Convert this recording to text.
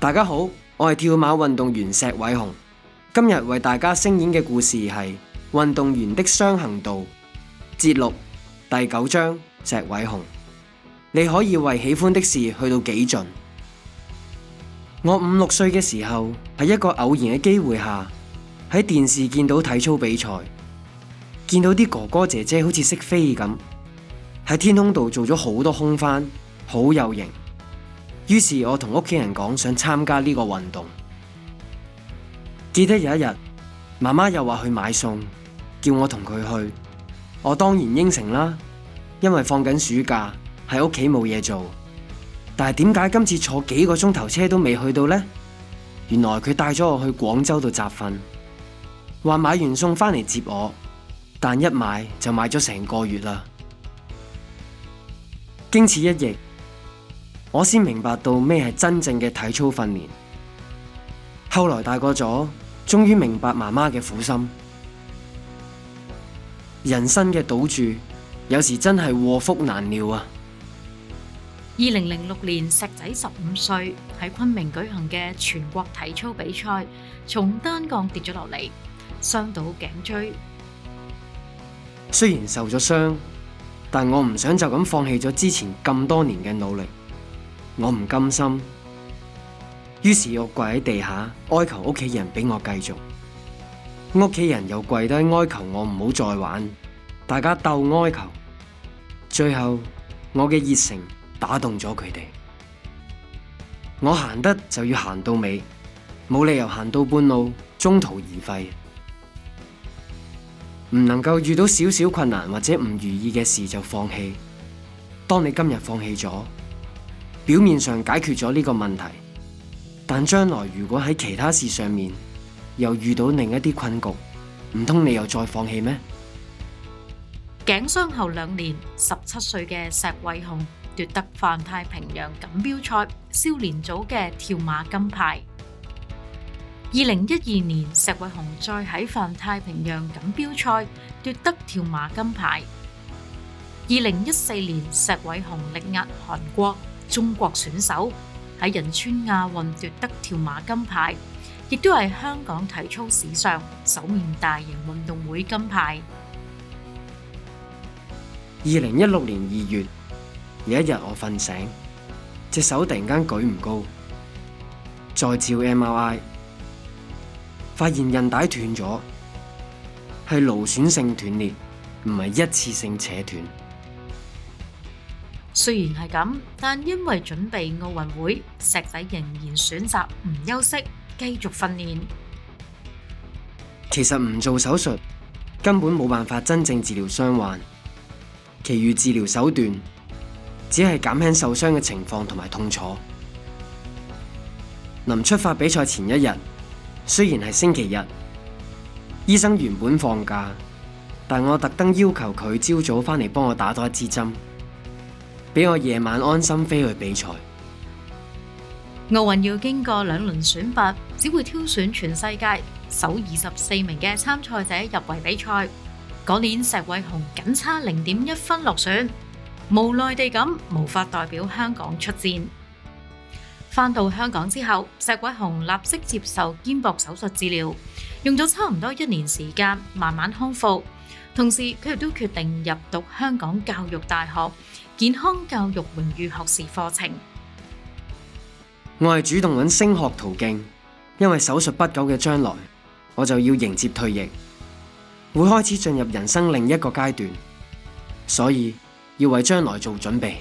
大家好，我係跳馬運動員石偉雄。今日為大家聲演嘅故事係《運動員的雙行道》節錄第九章。石偉雄，你可以為喜歡的事去到幾盡？我五六歲嘅時候，喺一個偶然嘅機會下，喺電視見到體操比賽，見到啲哥哥姐姐好似識飛咁，喺天空度做咗好多空翻，好有型。於是我同屋企人講，想參加呢個運動。記得有一日，媽媽又話去買餸，叫我同佢去。我當然應承啦，因為放緊暑假，喺屋企冇嘢做。但係點解今次坐幾個鐘頭車都未去到呢？原來佢帶咗我去廣州度集訓，話買完餸返嚟接我，但一買就買咗成個月啦。經此一役。我先明白到咩係真正嘅體操訓練。後來大個咗，終於明白媽媽嘅苦心。人生嘅賭注有時真係禍福難料啊！二零零六年，石仔十五歲，喺昆明舉行嘅全國體操比賽，從單槓跌咗落嚟，傷到頸椎。雖然受咗傷，但我唔想就咁放棄咗之前咁多年嘅努力。我唔甘心，於是我跪喺地下哀求屋企人俾我繼續。屋企人又跪低哀求我唔好再玩，大家鬥哀求。最後，我嘅熱誠打動咗佢哋。我行得就要行到尾，冇理由行到半路中途而廢。唔能夠遇到少少困難或者唔如意嘅事就放棄。當你今日放棄咗。表面上解決咗呢個問題，但將來如果喺其他事上面又遇到另一啲困局，唔通你又再放棄咩？頸傷後兩年，十七歲嘅石偉雄奪得泛太平洋錦標賽少年組嘅跳馬金牌。二零一二年，石偉雄再喺泛太平洋錦標賽奪得跳馬金牌。二零一四年，石偉雄力壓韓國。中國選手喺仁川亞運奪得跳馬金牌，亦都係香港體操史上首面大型運動會金牌。二零一六年二月有一日，我瞓醒，隻手突然間舉唔高，再照 MRI，發現韌帶斷咗，係勞損性斷裂，唔係一次性扯斷。雖然係咁，但因為準備奧運會，石仔仍然選擇唔休息，繼續訓練。其實唔做手術根本冇辦法真正治療傷患，其餘治療手段只係減輕受傷嘅情況同埋痛楚。臨出發比賽前一日，雖然係星期日，醫生原本放假，但我特登要求佢朝早返嚟幫我打多一支針。俾我夜晚安心飛去比賽。奧運要經過兩輪選拔，只會挑選全世界首二十四名嘅參賽者入圍比賽。嗰年石偉雄僅差零點一分落選，無奈地咁無法代表香港出戰。返到香港之後，石偉雄立即接受肩膊手術治療。用咗差唔多一年時間慢慢康復，同時佢亦都決定入讀香港教育大學健康教育榮譽學士課程。我係主動揾升學途徑，因為手術不久嘅將來，我就要迎接退役，會開始進入人生另一個階段，所以要為將來做準備。